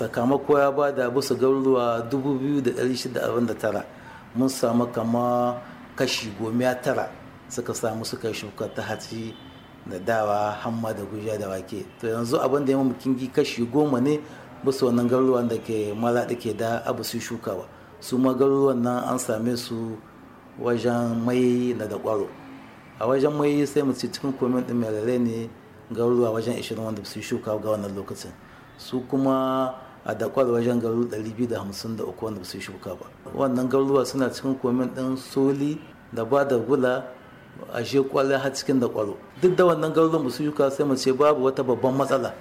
sakamako ya ba da bisa garuruwa 2,629 mun samu kama kashi goma tara suka samu suka yi shuka ta hatsi da dawa hamma da guja da wake to yanzu abin da ya mamu kingi kashi goma ne bisa wannan garuruwan da ke mara da ke da abu su shuka su ma garuruwan nan an same su wajen mai na da kwaro a wajen mai sai mu ci cikin komin ɗin mai ne garuruwa wajen 20 wanda su shuka ga wannan lokacin su kuma a dakwal wajen garu 253 wanda ba su shuka ba wannan garuruwa suna cikin komin ɗin soli da ba da gula a je kwallo har cikin da kwalo duk da wannan garuruwan ba su shuka sai mu ce babu wata babban matsala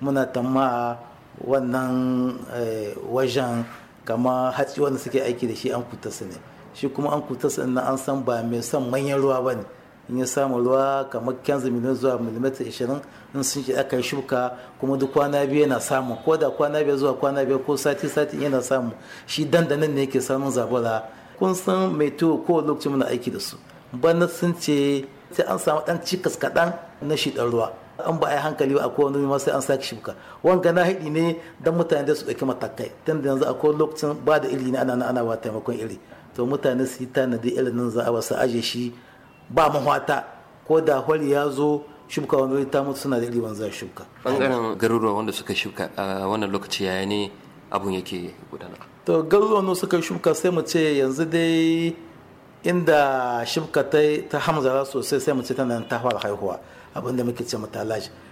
muna tamma wannan eh, wajen kama hatsi wanda suke aiki da shi an kuta su ne shi kuma an kuta su an san ba mai son manyan ruwa ba ne in ya samu ruwa kamar kyanzu miliyan zuwa milimita ishirin in sun shi aka yi shuka kuma duk kwana biyu yana samu ko da kwana biyu zuwa kwana biyu ko sati sati yana samu shi dandanan ne yake samun zabura kun san mai tuwo ko lokacin muna aiki da su bana sun ce sai an samu dan cikas kaɗan na shi dan ruwa an ba a yi hankali ba a wani ma sai an sake shuka wanga na haɗi ne dan mutane da su ɗauki matakai tun da yanzu a kowane lokacin ba da iri ne ana ana ba taimakon iri to mutane su yi tanadi irin nan za a wasu aje shi ba mahwata ko da hwari ya zo shuka wani ta mutu suna da iri wanzu shuka bangaren garuruwa wanda suka shuka a wannan lokaci yaya ne abun yake gudana to garuruwa wanda suka shuka sai mu ce yanzu dai inda shibka ta ta hamzara sosai sai mu ce tana ta fara haihuwa abinda muke ce mata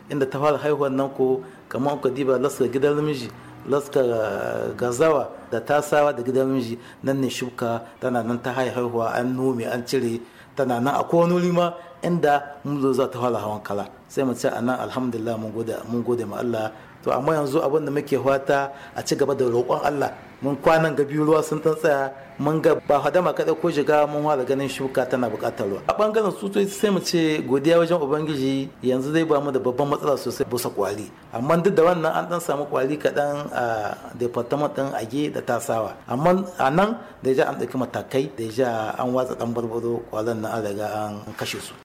inda ta fara haihuwa nan ko kamar ku diba laska gidan namiji laska eh, gazawa da tasawa da gidan namiji nan ne shibka tana nan ta haihuwa an nome an cire tana nan a wani ma inda mun za ta fara hawan kala sai mu ce anan alhamdulillah mun gode mun gode ma Allah to amma yanzu abin da muke fata a ci gaba da roƙon Allah mun kwanan ga biyu ruwa sun tsaya mun ga ba hadama kaɗai ko shiga mun fara ganin shuka tana buƙatar ruwa a bangaren tsutsotsi sai mu ce godiya wajen ubangiji yanzu zai ba mu da babban matsala sosai busa kwari amma duk da wannan an dan samu kwari kaɗan a department ɗin age da tasawa amma a nan da ja an ɗauki matakai da ja an watsa ɗan barbaro kwalan na an an kashe su